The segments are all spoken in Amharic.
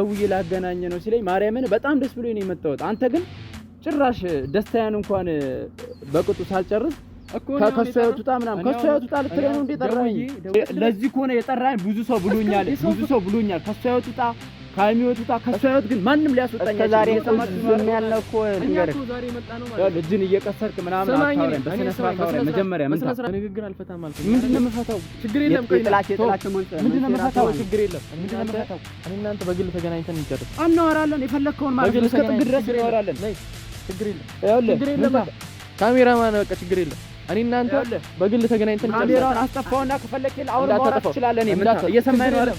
ደውዬ ላገናኘ ነው ሲለኝ ማርያምን በጣም ደስ ብሎኝ ነው የመጣሁት። አንተ ግን ጭራሽ ደስታያን እንኳን በቅጡ ሳልጨርስ ከሷ ህይወት ውጣ ምናምን ከሷ ልትለኝ ነው እንዴ ጠራኝ? ለዚህ ከሆነ የጠራኝ ብዙ ሰው ብሎኛል፣ ብዙ ሰው ብሎኛል። ከሷ ከሚወት ውጣ ግን ማንም ሊያስወጣኝ እጅን እየቀሰርክ ምናምን አታወራኝ። በስነ ስርዓት አውራኝ መጀመሪያ። ምን ንግግር አልፈታም አልኩኝ። ምንድን ነው የምፈታው? ችግር የለም ችግር የለም እናንተ በግል ተገናኝተን እንጨርስ፣ አናወራለን። የፈለግከውን ማለት እስከ ጥግ ድረስ እናወራለን። ችግር የለም ካሜራማን፣ በቃ ችግር የለም እኔ እናንተ በግል ተገናኝተን እንጨርስ። ካሜራውን አስጠፋውና ከፈለክ አሁን ማውራት ትችላለህ። እየሰማኸኝ ነው አይደል?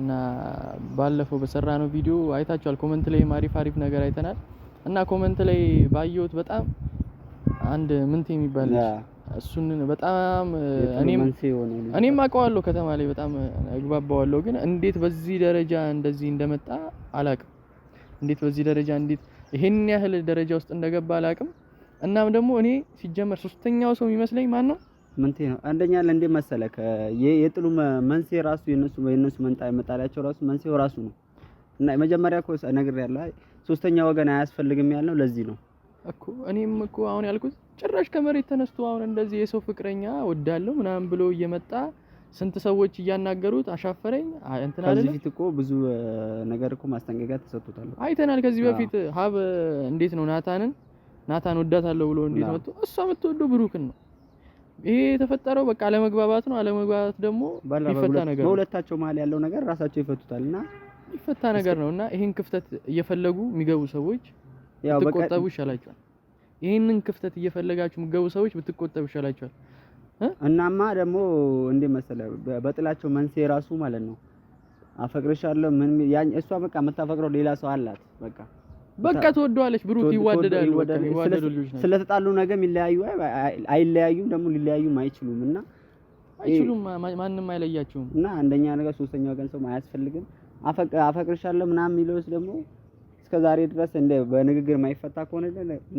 እና ባለፈው በሰራ ነው ቪዲዮ አይታችኋል። ኮመንት ላይ አሪፍ አሪፍ ነገር አይተናል እና ኮመንት ላይ ባየሁት በጣም አንድ ምንት የሚባል እሱን በጣም እኔም እኔም አውቀዋለሁ ከተማ ላይ በጣም እግባባዋለሁ፣ ግን እንዴት በዚህ ደረጃ እንደዚህ እንደመጣ አላቅም። እንዴት በዚህ ደረጃ እንዴት ይሄን ያህል ደረጃ ውስጥ እንደገባ አላቅም። እናም ደግሞ እኔ ሲጀመር ሶስተኛው ሰው የሚመስለኝ ማን ነው? ምንቴ ነው አንደኛ ለእንዴ መሰለህ የጥሉ መንስኤ ራሱ የነሱ የነሱ መንጣ የመጣላቸው ራሱ መንስኤው ራሱ ነው። እና የመጀመሪያ እኮ ነግሬያለሁ፣ ሶስተኛ ወገን አያስፈልግም ያልነው ለዚህ ነው እኮ። እኔም እኮ አሁን ያልኩት ጭራሽ ከመሬት ተነስቶ አሁን እንደዚህ የሰው ፍቅረኛ ወዳለው ምናምን ብሎ እየመጣ ስንት ሰዎች እያናገሩት አሻፈረኝ እንትና አለ። ከዚህ በፊት እኮ ብዙ ነገር እኮ ማስጠንቀቂያ ተሰጥቶታል፣ አይተናል። ከዚህ በፊት ሀብ እንዴት ነው ናታንን ናታን ወዳታለሁ ብሎ እንዴት መጥቶ እሷ የምትወደው ብሩክን ነው ይሄ የተፈጠረው በቃ አለመግባባት ነው። አለመግባባት ደግሞ ይፈታ ነገር ነው። በሁለታቸው መሀል ያለው ነገር ራሳቸው ይፈቱታል እና ይፈታ ነገር ነው እና ይሄን ክፍተት እየፈለጉ የሚገቡ ሰዎች ብትቆጠቡ ይሻላቸዋል። ይሄንን ክፍተት እየፈለጋችሁ የሚገቡ ሰዎች ብትቆጠቡ ይሻላቸዋል። እናማ ደግሞ እንዴ መሰለ በጥላቸው መንስኤ ራሱ ማለት ነው አፈቅርሻለሁ ምን ያኝ እሷ በቃ የምታፈቅረው ሌላ ሰው አላት በቃ በቃ ትወደዋለች። ብሩክ ይዋደዳሉ፣ ስለተጣሉ ነገም ይለያዩ አይለያዩም፣ ደግሞ ሊለያዩም አይችሉም እና አይችሉም፣ ማንም አይለያቸውም። እና አንደኛ ነገር ሶስተኛ ወገን ሰው አያስፈልግም። አፈቅርሻለሁ ምናምን የሚለውስ ደግሞ እስከዛሬ ድረስ እንደ በንግግር የማይፈታ ከሆነ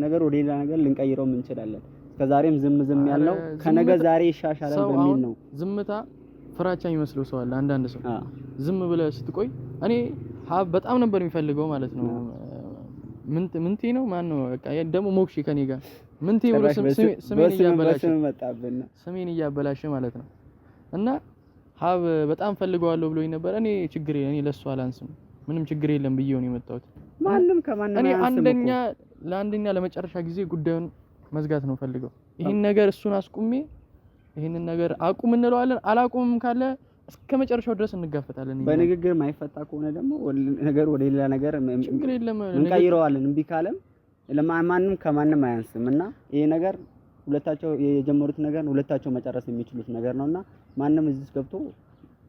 ነገር ወደ ሌላ ነገር ልንቀይረውም እንችላለን። እስከዛሬም ዝም ዝም ያለው ከነገ ዛሬ ይሻሻላል በሚል ነው። ዝምታ ፍራቻ የሚመስለው ሰው አለ። አንዳንድ ሰው ዝም ብለህ ስትቆይ እኔ በጣም ነበር የሚፈልገው ማለት ነው ምንቴ ነው ማን ነው? በቃ ደግሞ ሞክሼ ከኔ ጋር ምንቴ ብሎ ስሜን እያበላሸ ማለት ነው። እና ሀብ በጣም ፈልገዋለሁ ብሎኝ ነበረ። እኔ ችግር እኔ ለሱ አላንስም፣ ምንም ችግር የለም ብዬው ነው የመጣሁት። ማንም ከማንም እኔ አንደኛ ለአንደኛ ለመጨረሻ ጊዜ ጉዳዩን መዝጋት ነው ፈልገው። ይህን ነገር እሱን አስቁሜ ይህንን ነገር አቁም እንለዋለን። አላቁምም ካለ እስከ መጨረሻው ድረስ እንጋፈጣለን። በንግግር ማይፈታ ከሆነ ደግሞ ነገር ወደ ሌላ ነገር እንቀይረዋለን። እምቢ ካለም ለማንም ከማንም አያንስም እና ይሄ ነገር ሁለታቸው የጀመሩት ነገር ሁለታቸው መጨረስ የሚችሉት ነገር ነውና ማንም እዚህ ገብቶ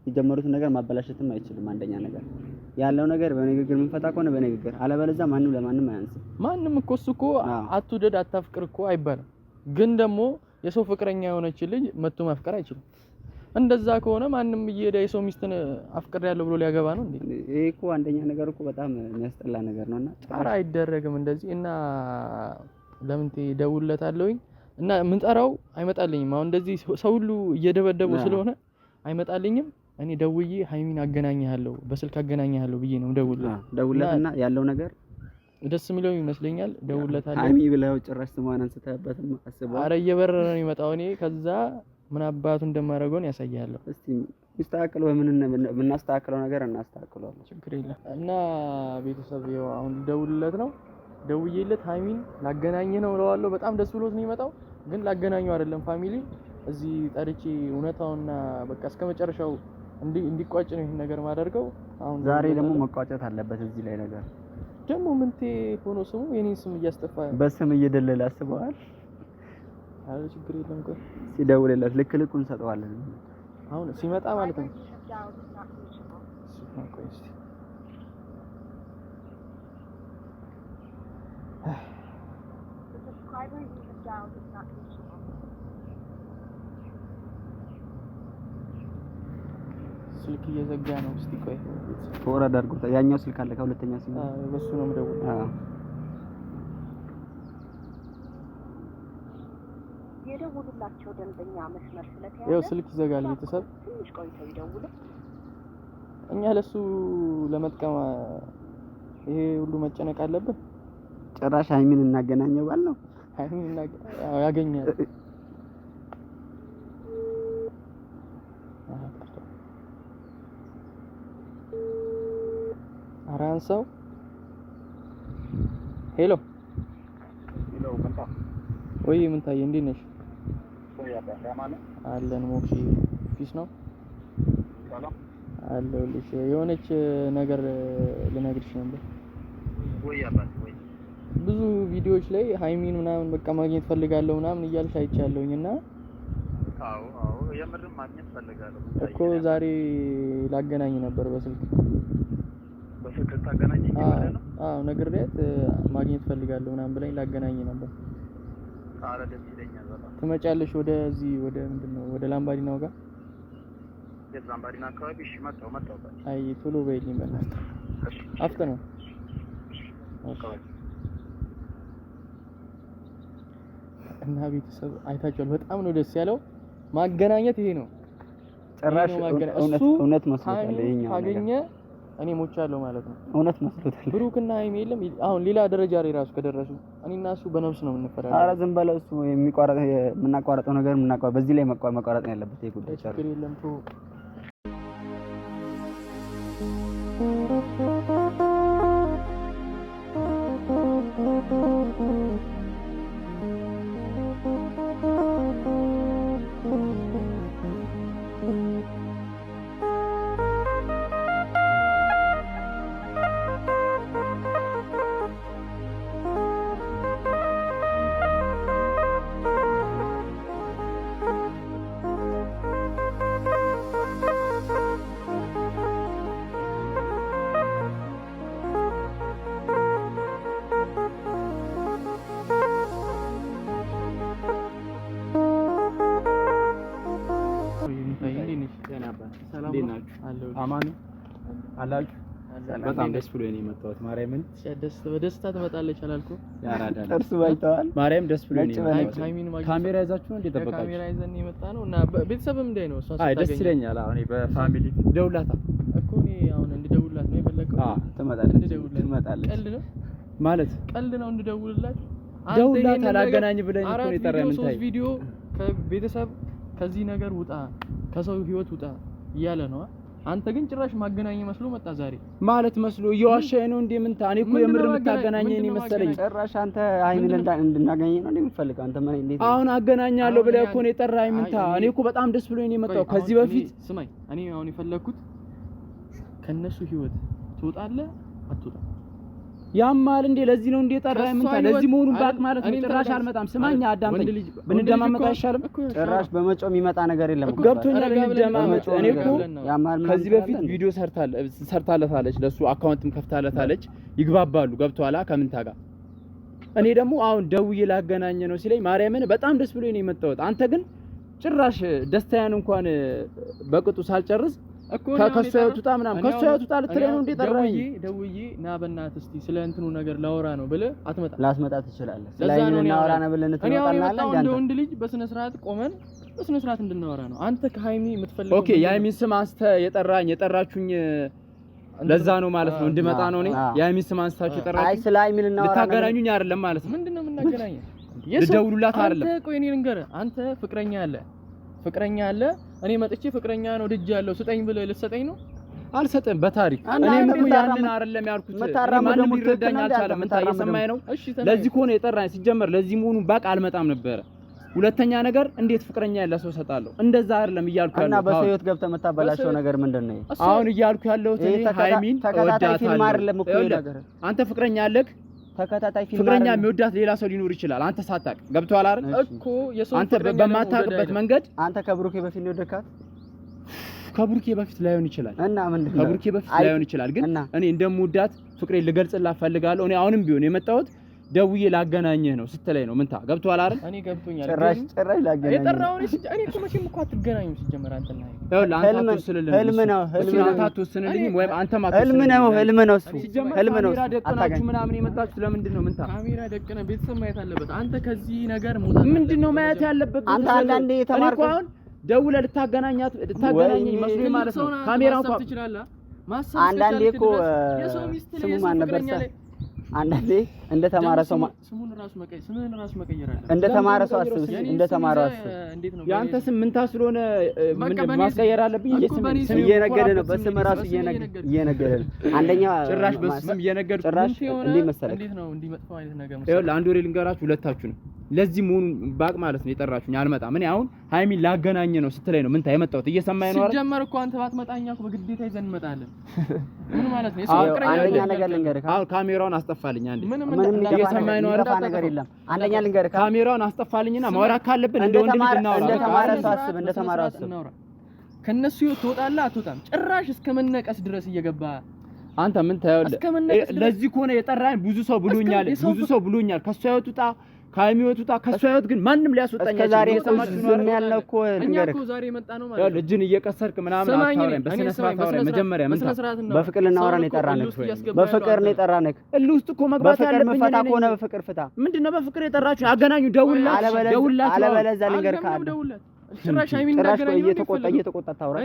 የጀመሩት ነገር ማበላሸትም አይችልም። አንደኛ ነገር ያለው ነገር በንግግር የምንፈታ ከሆነ በንግግር አለበለዚያ ማንም ለማንም አያንስም። ማንም እኮ እሱ እኮ አትውደድ አታፍቅር እኮ አይባልም። ግን ደግሞ የሰው ፍቅረኛ የሆነች ልጅ መቶ ማፍቀር አይችልም። እንደዛ ከሆነ ማንም እየሄደ የሰው ሚስትን አፍቅር ያለው ብሎ ሊያገባ ነው እንዴ? ይሄ እኮ አንደኛ ነገር እኮ በጣም የሚያስጠላ ነገር ነውና፣ ኧረ አይደረግም እንደዚህ እና ለምን እደውልለታለሁኝ እና ምንጠራው አይመጣልኝም። አሁን እንደዚህ ሰው ሁሉ እየደበደቡ ስለሆነ አይመጣልኝም። እኔ ደውዬ ሀይሚን አገናኝሃለሁ በስልክ አገናኝሃለሁ ብዬ ነው ደውልለት ደውልለትና ያለው ነገር ደስ የሚለው ይመስለኛል። ደውልለታለሁ ሀይሚ ብለው ጭራሽ ስሟን አንስተህበትም አስበው። ኧረ እየበረረ ነው የሚመጣው እኔ ከዛ ምን አባቱ እንደማደርገውን ያሳያለሁ። እስቲ ሚስተካከለው የምናስተካክለው ነገር እናስተካክለዋለን። ችግር የለም እና ቤተሰብ አሁን ልደውልለት ነው። ደውዬለት ሀይሚን ላገናኝ ነው እለዋለሁ። በጣም ደስ ብሎት ነው የመጣው፣ ግን ላገናኘው አይደለም ፋሚሊ እዚህ ጠርቼ እውነታውና በቃ እስከ መጨረሻው እንዲቋጭ ነው ይህን ነገር ማደርገው። አሁን ዛሬ ደግሞ መቋጨት አለበት። እዚህ ላይ ነገር ደግሞ ምንቴ ሆኖ ስሙ የኔን ስም እያስጠፋ በስም እየደለለ አስበዋል። አረ ችግር የለም ቆይ ሲደውልላት ልክ ልኩ እንሰጠዋለን። አሁን ሲመጣ ማለት ነው። ስልክ እየዘጋ ነው። እስቲ ቆይ ፎርዋርድ አድርጎታል። ያኛው ስልክ አለ ከሁለተኛ ስልክ አዎ፣ በሱ ነው የምደውለው። የደውሉላቸው ደንበኛ መስመር ስለተያዘ ያው ስልክ ይዘጋል። ቤተሰብ ትንሽ ቆይተው ይደውሉ። እኛ ለሱ ለመጥቀም ይሄ ሁሉ መጨነቅ አለብን? ጭራሽ ሀይሚን እናገናኘው ባል ነው። ሀይሚን ያገኛል አራን ሰው ሄሎ፣ ወይ ምን ታየ? እንዴት ነሽ? አለን ሞክሺ ፊስ ነው አለሁልሽ። የሆነች ነገር ልነግርሽ ነበር። ብዙ ቪዲዮዎች ላይ ሀይሚን ምናምን በቃ ማግኘት ፈልጋለሁ ምናምን እያልሽ አይቻለሁኝ እና የምርም ማግኘት ፈልጋለሁ እኮ ዛሬ ላገናኝ ነበር በስልክ በስልክ ታገናኝ ነበር። አዎ ማግኘት ፈልጋለሁ ምናምን ብላኝ ላገናኝ ነበር አረ ደስ ይለኛል ትመጫለሽ ወደዚህ ወደ ምንድን ነው ወደ ላምባዲናው ጋር የት ላምባዲና አካባቢ? እሺ አይ ቶሎ በይልኝ በእናትህ አፍጥ ነው። እና ቤተሰብ አይታችኋል። በጣም ነው ደስ ያለው ማገናኘት። ይሄ ነው ጭራሽ እውነት መስሎታል። ይሄኛው አገኘ እኔ ሞቻለሁ ማለት ነው። እውነት መስሎታል። ብሩክና ሀይሚ የለም አሁን ሌላ ደረጃ ላይ ራሱ ከደረሱ እኔና እሱ በነፍስ ነው የምንፈላለገው። ኧረ ዝም በለው። እሱ የሚቋረጥ የምናቋረጠው ነገር በዚህ ላይ መቋረጥ ነው ያለበት። አማኑ አላችሁ? በጣም ደስ ብሎ ነው የመጣሁት። ማርያምን በደስታ ትመጣለች አላልኩ? ጥርሱ ባይተዋል። ማርያም ደስ ብሎ ነው የመጣሁት። ካሜራ ይዛችሁ እንዴ ተበቃችሁ? ካሜራ ይዘን የመጣ ነው እና ቤተሰብም እንደ ነው። እሷ አይ ደስ ይለኛል። አሁን በፋሚሊ ደውላታ እኮ እኔ አሁን እንድደውልላት ነው የፈለከው? አዎ ትመጣለች፣ ትመጣለች። ቀልድ ነው ማለት ቀልድ ነው። እንድደውልላት ደውላት አላገናኝ ብለኝ እኮ ነው የጠራኝ። ምን ታይ ቪዲዮ ከቤተሰብ ከዚህ ነገር ውጣ፣ ከሰው ህይወት ውጣ እያለ ነው አንተ ግን ጭራሽ ማገናኘ መስሎ መጣ ዛሬ። ማለት መስሎ እየዋሻኝ ነው እንዴ? ምን ታኔ እኮ የምር የምታገናኘኝ ነው መሰለኝ። ጭራሽ አንተ አይምን እንድናገኘ ነው እንዴ እንደምፈልግ አንተ ምን እንዴ? አሁን አገናኛለሁ ብለህ እኮ ነው የጠራኸኝ። ምን ታ እኔ እኮ በጣም ደስ ብሎኝ ነው የመጣው ከዚህ በፊት። ስማኝ፣ እኔ አሁን የፈለግኩት ከነሱ ህይወት ትወጣለህ አትወጣም ያማል እንዴ? ለዚህ ነው እንዴ ጠራ ታ ለዚህ መሆኑን ባቅ ማለት ነው። ጭራሽ አልመጣም። ስማኝ አዳምጠኝ፣ ብንደማመጥ አይሻልም? ጭራሽ በመጮም የሚመጣ ነገር የለም። ገብቶኛል። እንደማመጥ እኔ እኮ ከዚህ በፊት ቪዲዮ ሰርታለ ሰርታለታለች፣ ለሱ አካውንትም ከፍታለታለች። ይግባባሉ። ገብቷላ ከምንታ ጋር እኔ ደግሞ አሁን ደውዬ ላገናኘ ነው ሲለኝ ማርያምን በጣም ደስ ብሎ ነው የመጣሁት። አንተ ግን ጭራሽ ደስታዬን እንኳን በቅጡ ሳልጨርስ ከእሷ ህይወት ውጣ ምናምን ከእሷ ልትለኝ ነው እንዴ? ጠራኸኝ? ደውዬ ና በእናትህ እስኪ ስለ እንትኑ ነገር ላወራ ነው ብለህ አትመጣም። ላስመጣ ትችላለህ። ስለ አይኑ እናወራ ነው ብለህ እንትን እንደ ወንድ ልጅ በስነ ስርዓት ቆመን በስነ ስርዓት እንድናወራ ነው። አንተ ከሀይሚ የምትፈልገው ኦኬ፣ የሀይሚን ስም አንስተህ የጠራኝ የጠራችሁኝ ለዛ ነው ማለት ነው እንድመጣ ነው። እኔ የሀይሚን ስም አንስታችሁ የጠራችሁኝ። አይ ስለ ሀይሚን እናወራ ልታገናኙኝ አይደለም ማለት ነው። ምንድን ነው የምናገናኘው? ልደውሉላት አይደለም። ቆይ እኔ ልንገርህ፣ አንተ ፍቅረኛ አለ ፍቅረኛ አለ እኔ መጥቼ ፍቅረኛ ነው ድጅ ያለው ስጠኝ ብለህ ልትሰጠኝ ነው? አልሰጠም። በታሪክ እኔ ምን ያንን አይደለም ያልኩት። ማንም ሊረዳኝ አልቻለም። እንታ እየሰማኸኝ ነው? ለዚህ ከሆነ የጠራኝ ሲጀመር ለዚህ መሆኑን ባቅ አልመጣም ነበረ። ሁለተኛ ነገር እንዴት ፍቅረኛ ያለ ሰው እሰጣለሁ? እንደዛ አይደለም እያልኩ ያለሁት። እና በሰው ህይወት ገብተህ የምታበላሸው ነገር ምንድን ነው? አሁን እያልኩ ያለሁት እኔ ሃይሚን እወዳታለሁ። አንተ ፍቅረኛ አለህ ተከታታይ ፊልም ፍቅረኛ የሚወዳት ሌላ ሰው ሊኖር ይችላል። አንተ ሳታቅ ገብቶሃል አይደል? እኮ የሰው አንተ በማታውቅበት መንገድ አንተ ከብሩኬ በፊት ነው የወደድካት። ከብሩኬ በፊት ላይሆን ይችላል እና ምንድን ነው ከብሩኬ በፊት ላይሆን ይችላል፣ ግን እኔ እንደምወዳት ፍቅሬ ልገልጽላት ፈልጋለሁ። እኔ አሁንም ቢሆን የመጣሁት ደውዬ ላገናኘህ ነው ስትለኝ ነው ምንታ ገብቶሃል አይደል? እኔ ገብቶኛል። ጭራሽ ጭራሽ ላገናኘህ እሺ። እኮ እኮ ሲጀመር አንተ ህልም ነው ወይም ህልም ነው ህልም ነው እሱ ህልም ነው። ምናምን የመጣችሁት ለምንድን ነው? ምንታ ካሜራ ደቅነ ቤተሰብ ማየት አለበት። አንተ ከዚህ ነገር ምንድን ነው ማየት ያለበት? አንተ አንዳንዴ የተማርከው አሁን ደውለህ ልታገናኛት ልታገናኘኝ መስሎኝ ማለት ነው። ካሜራ እንኳን አንዳንዴ እኮ ስሙ ማን ነበር ሰ አንዳንዴ እንደ ተማረ ሰው ስሙን ራሱ መቀየር ስሙን ራሱ መቀየር አለ። እንደ ተማረ ሰው አስብ፣ እንደ ተማረ አስብ። ያንተ ስም ምን ታስሎነ ምን ማስቀየር አለብኝ። ስም እየነገደ ነው፣ በስም ራሱ እየነገደ ነው። አንደኛ ጭራሽ በስም እየነገደ ጭራሽ እንዲህ መሰለህ። ይኸውልህ አንድ ወሬ ልንገራችሁ ሁለታችሁ ነው ለዚህ መሆኑ ባቅ ማለት ነው የጠራችሁኝ። አልመጣም እኔ አሁን ሀይሚን ላገናኘ ነው ስትለኝ ነው ምን ታይ የመጣሁት። እየሰማኸኝ ነው? ሲጀመር እኮ አንተ ባትመጣኛ እኮ በግዴታ ይዘን እንመጣለን። ምን ማለት ነው? አንደኛ ነገር ልንገርህ፣ ካሜራውን አስጠፋልኝ። አንዴ ምንም እየሰማኸኝ ነው አረፋ ነገር የለም። አንደኛ ልንገርህ፣ ካሜራውን አስጠፋልኝና ማውራት ካለብን እንደ ወንድ ልጅ እናውራ። እንደ ተማረ ሰው አስብ፣ እንደ ተማረ ሰው ከነሱ ትወጣለህ አትወጣም? ጭራሽ እስከ መነቀስ ድረስ እየገባ አንተ ምን ታየው? ለዚህ ከሆነ የጠራኝ ብዙ ሰው ብሎኛል፣ ብዙ ሰው ብሎኛል። ከሷ ይወጣ ከሀይሚ ህይወት ውጣ፣ ከእሷ ህይወት ግን ማንም ሊያስወጣኝ እጅን እየቀሰርክ ምናምን አታወራኝ። በስነ ስርዓት አውራኝ መጀመሪያ። ምን በፍቅር ልናወራ ነው የጠራንህ? በፍቅር ነው የጠራንህ። እልህ ውስጥ እኮ መግባት ያለብኝ ፈታ ከሆነ በፍቅር ፍታ። ምንድን ነው በፍቅር የጠራችሁ? አገናኙ፣ ደውልላት፣ ደውልላት። አለበለዚያ ልንገርህ ካለ ጭራሽ እየተቆጣ እየተቆጣ ታውራ።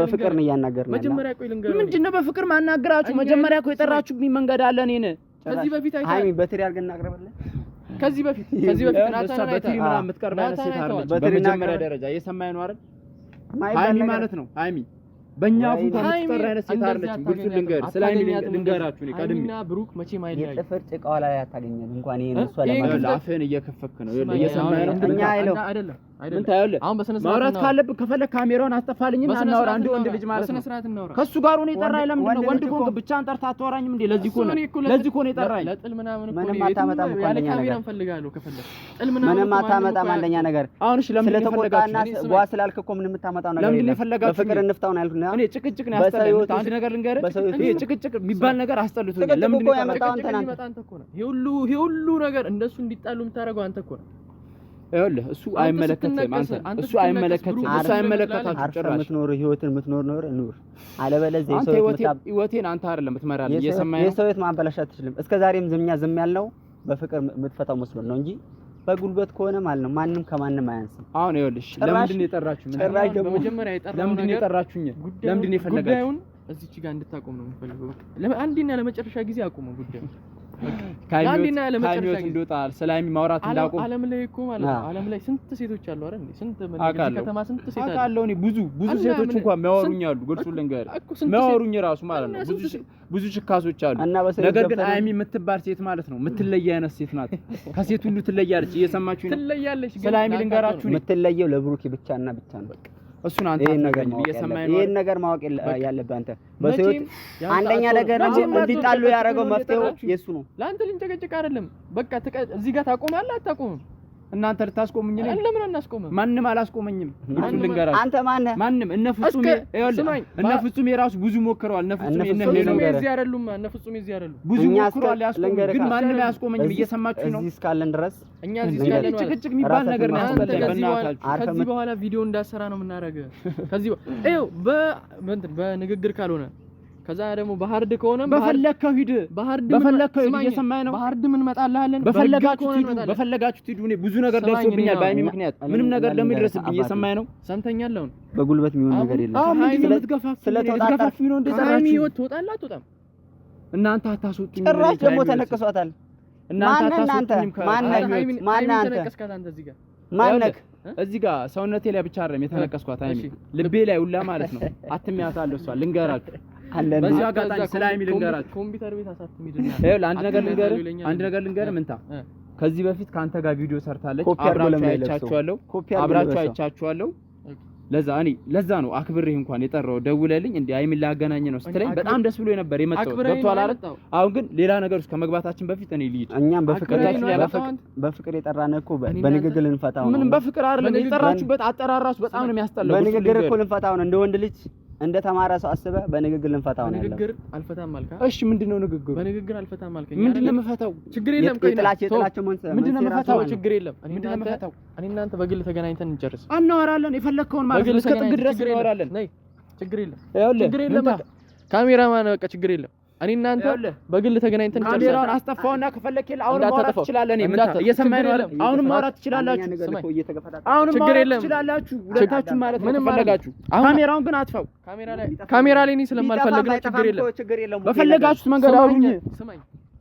በፍቅር ነው እያናገርን ነው። መጀመሪያ ቆይ ልንገርህ፣ ምንድን ነው በፍቅር ማናገራችሁ? መጀመሪያ እኮ የጠራችሁብኝ መንገድ አለ እኔን። ከዚህ በፊት አይተህ ሀይሚ በትሪ አድርገን እናቅርብልህ ከዚህ በፊት ከዚህ በፊት ናታን በትሪ ምናምን የምትቀርብ አይነት ሴት አይደለች። በመጀመሪያ ደረጃ እየሰማኸኝ ነው አይደል? ሀይሚ ማለት ነው ሀይሚ በእኛ አፉ ከምትጠራ አይነት ሴት አይደለችም። ግልጹ ልንገርህ፣ ስለ ሀይሚ ልንገራችሁ። እኔ ቀድሜ ብሩክ መቼ ማይል የጥፍር ጭቃዋ ላይ አታገኘም። እንኳን ይሄን እሷ ለማለት አፍህን እየከፈክ ነው። እየሰማኸኝ ነው? እኛ አይለው አይደለም ምን ታየውልህ? ማውራት ካለብህ ከፈለግ ካሜራውን አስጠፋልኝና እናውራ። አንድ ወንድ ልጅ ማለት ነው ከሱ ጋር ሆነ የጠራኸኝ ለምንድን ነው? ወንድ ኮንክ ብቻህን ጠርተህ አታወራኝም እንዴ? ለዚህ እኮ ነው ለዚህ እኮ ነው የጠራኸኝ። ምንም አታመጣም እኮ አንደኛ ነገር ጥል ምናምን ምንም አታመጣም አንደኛ ነገር። አሁን እሺ ለምን ስለተቆጣና ጓ ስላልክ እኮ ምንም የምታመጣው ነገር የለም። ፍቅር እንፍታውን ያልኩት እኔ ጭቅጭቅ ነው ያስጠላኝ። አንድ ነገር ልንገርህ፣ እኔ ጭቅጭቅ የሚባል ነገር አስጠልቶኛል። ለምን ነው ያመጣው? አንተ ይሄ ሁሉ ነገር እንደሱ እንዲጣሉ የምታደርገው አንተ እኮ ነው። ይኸውልህ እሱ አይመለከትም፣ አንተ እሱ አይመለከትም፣ እሱ አይመለከታችሁም። ጭራሽ የምትኖር ህይወትን የምትኖር ኖር ኑር፣ አለበለዚያ የሰው ህይወት ህይወቴን አንተ አይደለም የምትመራልኝ። የሰው ህይወት ማበላሽ አትችልም። እስከ ዛሬም ዝምኛ ዝም ያልነው በፍቅር የምትፈታው መስሎን ነው እንጂ በጉልበት ከሆነ ማለት ነው ማንም ከማንም አያንስም። አሁን ይኸውልሽ፣ ለምንድን ነው የጠራችሁኝ? በመጀመሪያ የጠራችሁኝ ለምንድን ነው የፈለጋችሁኝ? ጉዳዩን እዚች ጋር እንድታቆም ነው የምፈልገው። ለአንዴና ለመጨረሻ ጊዜ አቁመው ጉዳዩን እንደወጣ ስለ ሀይሚ ማውራት እንዳቆም ዓለም ላይ እኮ ማለት ነው። ዓለም ላይ ስንት ሴቶች አሉ አይደል? ስንት ከተማ ስንት ሴት አለ። ብዙ ብዙ ሴቶች እንኳን የሚያወሩኝ አሉ። ግልጹልን ጋር የሚያወሩኝ ራሱ ማለት ነው ብዙ ብዙ ችካሶች አሉ። ነገር ግን ሀይሚ የምትባል ሴት ማለት ነው የምትለየ አይነት ሴት ናት። ከሴት ሁሉ ትለያለች። እየሰማችሁ ነው። ስለ ሀይሚ ልንገራችሁ፣ የምትለየው ለብሩኬ ብቻና ብቻ ነው። እሱን አንተ ይሄን ነገር ማወቅ ያለብህ አንተ አንደኛ ነገር እንዲጣሉ ያደረገው መፍትሄው ነው። ለአንተ ልንጨቀጭቅ አይደለም። በቃ እዚህ ጋር ታቆማለህ አታቆምም? እናንተ ልታስቆሙኝ ነው? ለምን አናስቆምም? ማንም አላስቆመኝም። ግልጹን ልንገራችሁ። አንተ ማነህ? ማንም እነ ፍጹም እነ ፍጹም የራሱ ብዙ ሞክረዋል። እነ ፍጹም እነ ፍጹም እዚህ አይደሉም። እነ ፍጹም እዚህ አይደሉም። ብዙ ሞክረዋል። ያስቆም ግን ማንም አያስቆመኝም። እየሰማችሁ ነው። እዚህ እስካለን ድረስ እኛ እዚህ እስካለን ጭቅጭቅ የሚባል ነገር ነው ያስፈልጋል። በእናታችሁ ከዚህ በኋላ ቪዲዮ እንዳሰራ ነው የምናደርገው። ከዚህ ይኸው በንግግር ካልሆነ ከዛ ደግሞ በሀርድ ከሆነ በፈለከው ሂድ። በሀርድ በፈለከው እየሰማኝ ነው። በሀርድ ምን መጣልሃለን? በፈለጋችሁ ሂዱ፣ በፈለጋችሁ ሂዱ። እኔ ብዙ ነገር ደርሶብኛል፣ በአይሚ ምክንያት ምንም ነገር ለሚደርስብኝ እየሰማኝ ነው። ሰምተኛል። አሁን በጉልበት የሚሆን ነገር የለም። ስለተወጣጣችሁ ነው እንደዛ። አይሚ ህይወት ትወጣላት ወጣም። እናንተ አታስወጡኝ። ጭራሽ ደግሞ ተነቅሷታል። እናንተ አታስወጡኝም። ማነህ ማነህ አንተ ተነቀስካት አንተ እዚህ ጋር ማነህ እዚህ ጋር ሰውነቴ ላይ ብቻ አይደለም የተነቀስኳት አይሚ ልቤ ላይ ሁላ ማለት ነው። አትሚያታለሁ እሷ ልንገራችሁ በዚህ አጋጣሚ ስለ ሀይሚ ልንገራችሁ። አንድ ነገር ልንገርህ፣ አንድ ነገር ልንገርህ። ምንታ ከዚህ በፊት ከአንተ ጋር ቪዲዮ ሰርታለች። አብራችሁ አይቻችኋለሁ፣ አብራችሁ አይቻችኋለሁ። ለዛ እኔ ለዛ ነው አክብሬህ እንኳን የጠራው ደውለልኝ እንዴ ሀይሚን ላገናኝ ነው ስትለኝ በጣም ደስ ብሎ የነበር የመጣው ገብቷል አይደል? አሁን ግን ሌላ ነገር ውስጥ ከመግባታችን በፊት እኔ ልሂድ። እኛም በፍቅር በፍቅር እኮ በንግግር ልንፈታው ነው። ምንም በፍቅር አይደለም የጠራችሁበት አጠራራችሁ በጣም ነው የሚያስጠላው። በንግግር እኮ ልንፈታው ነው እንደ ወንድ ልጅ እንደ ተማረ ሰው አስበ በንግግር ልንፈታው ነው ያለው። ንግግር አልፈታም አልካ። እሺ ምንድነው ንግግሩ? በንግግር አልፈታም አልከኝ። ምንድነው የምፈታው? ችግር የለም። ጥላቼ ጥላቼ ምን ምንድነው የምፈታው? ችግር የለም። ምንድነው የምፈታው? እኔ እናንተ በግል ተገናኝተን እንጨርስ፣ አናወራለን። የፈለግከውን ማለት ነው። እስከ ጥግ ድረስ እናወራለን። ችግር የለም። ካሜራማን በቃ ችግር የለም። እኔ እናንተ በግል ተገናኝተን ካሜራውን አስጠፋውና ከፈለክ ይል አሁን ማውራት ትችላለህ። እኔ ምታ ነው። አሁን ማውራት ትችላላችሁ። አሁን ማውራት ትችላላችሁ ሁለታችሁ ማለት ነው ከፈለጋችሁ። ካሜራውን ግን አጥፋው። ካሜራ ላይ ካሜራ ላይ እኔ ስለማልፈልግ ነው። ችግር የለም። በፈለጋችሁት መንገድ አውሩኝ። ስማኝ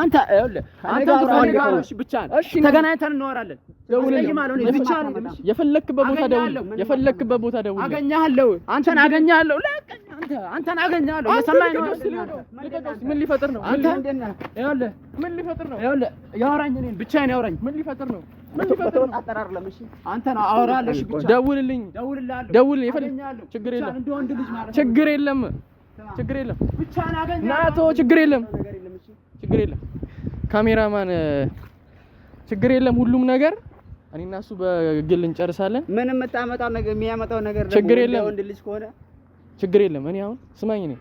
አንተ አንተ ብቻ ተገናኝተን እናወራለን። የፈለክበት ቦታ ደውል፣ የፈለክበት ቦታ ደውል። አገኛለሁ፣ አንተን አገኛለሁ፣ አንተን አገኛለሁ። የሰማኸኝ ነው? ምን ሊፈጥር ነው? አንተ ምን ሊፈጥር ነው? ያወራኝ፣ እኔን ብቻዬን ያወራኝ። ምን ሊፈጥር ነው? አንተን አወራለሁ። ደውልልኝ፣ ደውል። ችግር የለም፣ ችግር የለም፣ ችግር የለም። ናቶ ችግር የለም ችግር የለም ካሜራማን ችግር የለም ሁሉም ነገር እኔና እሱ በግል እንጨርሳለን። ምንም የምታመጣው ነገር የሚያመጣው ነገር ችግር የለም። ወንድ ልጅ ከሆነ ችግር የለም። እኔ አሁን ስማኝ፣ እኔ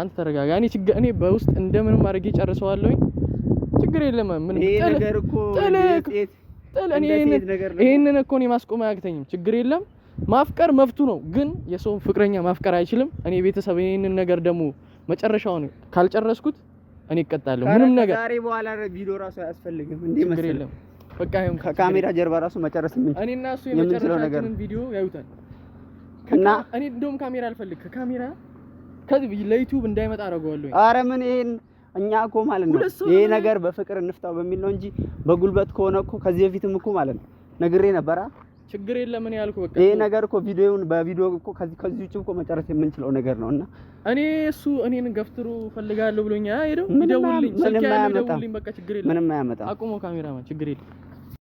አንተ ተረጋጋ። እኔ ችግር እኔ በውስጥ እንደምንም አድርጌ ጨርሰዋለሁኝ። ችግር የለም። ምን ነገር እኮ ጥል እኔ ይሄንን እኮ እኔ ማስቆም አያግተኝም። ችግር የለም። ማፍቀር መብቱ ነው፣ ግን የሰውን ፍቅረኛ ማፍቀር አይችልም። እኔ ቤተሰብ ይሄንን ነገር ደግሞ መጨረሻውን ካልጨረስኩት እኔ እቀጣለሁ። ምንም ነገር ዛሬ በኋላ ቪዲዮ ራሱ አያስፈልግም። እንዴ መሰለ በቃ ይሁን። ከካሜራ ጀርባ ራሱ መጨረስ ምን እኔ እና እሱ የመጨረሻችንን ቪዲዮ ያዩታል። እና እኔ እንደውም ካሜራ አልፈልግ ከካሜራ ከዚህ ለዩቲዩብ እንዳይመጣ አደርገዋለሁ። አረ ምን ይሄን እኛ እኮ ማለት ነው ይሄ ነገር በፍቅር እንፍታው በሚል ነው እንጂ በጉልበት ከሆነ እኮ ከዚህ በፊትም እኮ ማለት ነው ነግሬ ነበራ ችግር የለም። እኔ ያልኩ በቃ ይሄ ነገር እኮ ቪዲዮውን በቪዲዮ እኮ ከዚህ ከዚህ ውጭ እኮ መጨረስ የምንችለው ነገር ነው። እና እኔ እሱ እኔን ገፍትሩ ፈልጋለሁ ብሎኛ አይደው ይደውልልኝ፣ ስልክ ያለው ይደውልልኝ። በቃ ችግር የለም፣ ምንም አያመጣም። አቁሞ ካሜራማን ችግር የለም